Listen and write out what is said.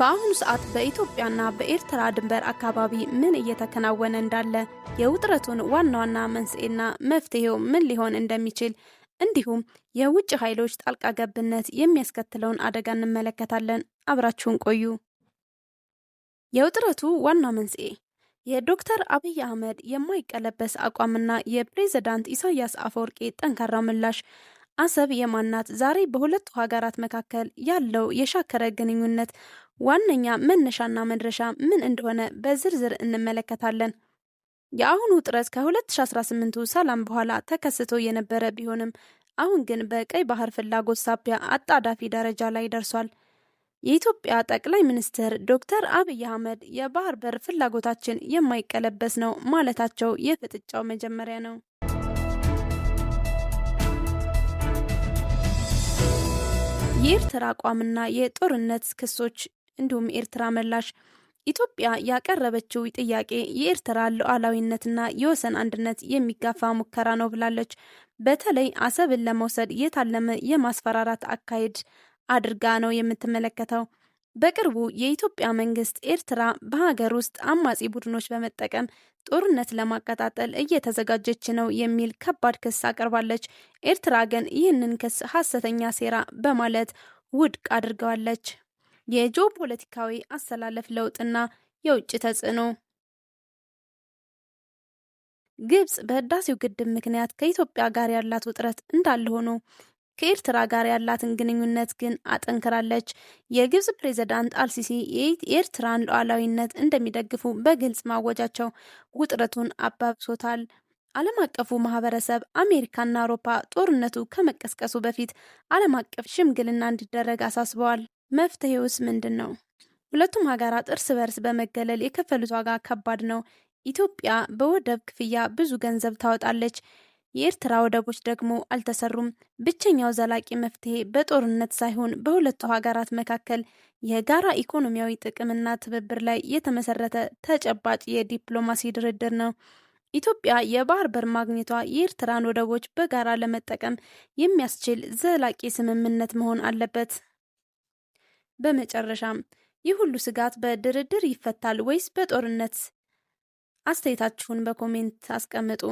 በአሁኑ ሰዓት በኢትዮጵያና በኤርትራ ድንበር አካባቢ ምን እየተከናወነ እንዳለ የውጥረቱን ዋና ዋና መንስኤና መፍትሄው ምን ሊሆን እንደሚችል እንዲሁም የውጭ ኃይሎች ጣልቃ ገብነት የሚያስከትለውን አደጋ እንመለከታለን። አብራችሁን ቆዩ። የውጥረቱ ዋና መንስኤ የዶክተር አብይ አህመድ የማይቀለበስ አቋምና የፕሬዝዳንት ኢሳያስ አፈወርቂ ጠንካራ ምላሽ አሰብ የማናት ዛሬ በሁለቱ ሀገራት መካከል ያለው የሻከረ ግንኙነት ዋነኛ መነሻና መድረሻ ምን እንደሆነ በዝርዝር እንመለከታለን። የአሁኑ ውጥረት ከ 2018 ሰላም በኋላ ተከስቶ የነበረ ቢሆንም አሁን ግን በቀይ ባህር ፍላጎት ሳቢያ አጣዳፊ ደረጃ ላይ ደርሷል። የኢትዮጵያ ጠቅላይ ሚኒስትር ዶክተር አብይ አህመድ የባህር በር ፍላጎታችን የማይቀለበስ ነው ማለታቸው የፍጥጫው መጀመሪያ ነው። የኤርትራ አቋምና የጦርነት ክሶች እንዲሁም ኤርትራ ምላሽ ኢትዮጵያ ያቀረበችው ጥያቄ የኤርትራ ሉዓላዊነትና የወሰን አንድነት የሚጋፋ ሙከራ ነው ብላለች። በተለይ አሰብን ለመውሰድ የታለመ የማስፈራራት አካሄድ አድርጋ ነው የምትመለከተው። በቅርቡ የኢትዮጵያ መንግስት ኤርትራ በሀገር ውስጥ አማጺ ቡድኖች በመጠቀም ጦርነት ለማቀጣጠል እየተዘጋጀች ነው የሚል ከባድ ክስ አቅርባለች። ኤርትራ ግን ይህንን ክስ ሐሰተኛ ሴራ በማለት ውድቅ አድርገዋለች። የጂኦ ፖለቲካዊ አሰላለፍ ለውጥና የውጭ ተጽዕኖ ግብጽ በህዳሴው ግድብ ምክንያት ከኢትዮጵያ ጋር ያላት ውጥረት እንዳለ ሆኖ ከኤርትራ ጋር ያላትን ግንኙነት ግን አጠንክራለች። የግብጽ ፕሬዝዳንት አልሲሲ የኤርትራን ሉዓላዊነት እንደሚደግፉ በግልጽ ማወጃቸው ውጥረቱን አባብሶታል። ዓለም አቀፉ ማህበረሰብ አሜሪካና አውሮፓ ጦርነቱ ከመቀስቀሱ በፊት ዓለም አቀፍ ሽምግልና እንዲደረግ አሳስበዋል። መፍትሄውስ ምንድን ነው? ሁለቱም ሀገራት እርስ በርስ በመገለል የከፈሉት ዋጋ ከባድ ነው። ኢትዮጵያ በወደብ ክፍያ ብዙ ገንዘብ ታወጣለች። የኤርትራ ወደቦች ደግሞ አልተሰሩም። ብቸኛው ዘላቂ መፍትሄ በጦርነት ሳይሆን በሁለቱ ሀገራት መካከል የጋራ ኢኮኖሚያዊ ጥቅምና ትብብር ላይ የተመሰረተ ተጨባጭ የዲፕሎማሲ ድርድር ነው። ኢትዮጵያ የባህር በር ማግኘቷ የኤርትራን ወደቦች በጋራ ለመጠቀም የሚያስችል ዘላቂ ስምምነት መሆን አለበት። በመጨረሻም ይህ ሁሉ ስጋት በድርድር ይፈታል ወይስ በጦርነት? አስተያየታችሁን በኮሜንት አስቀምጡ።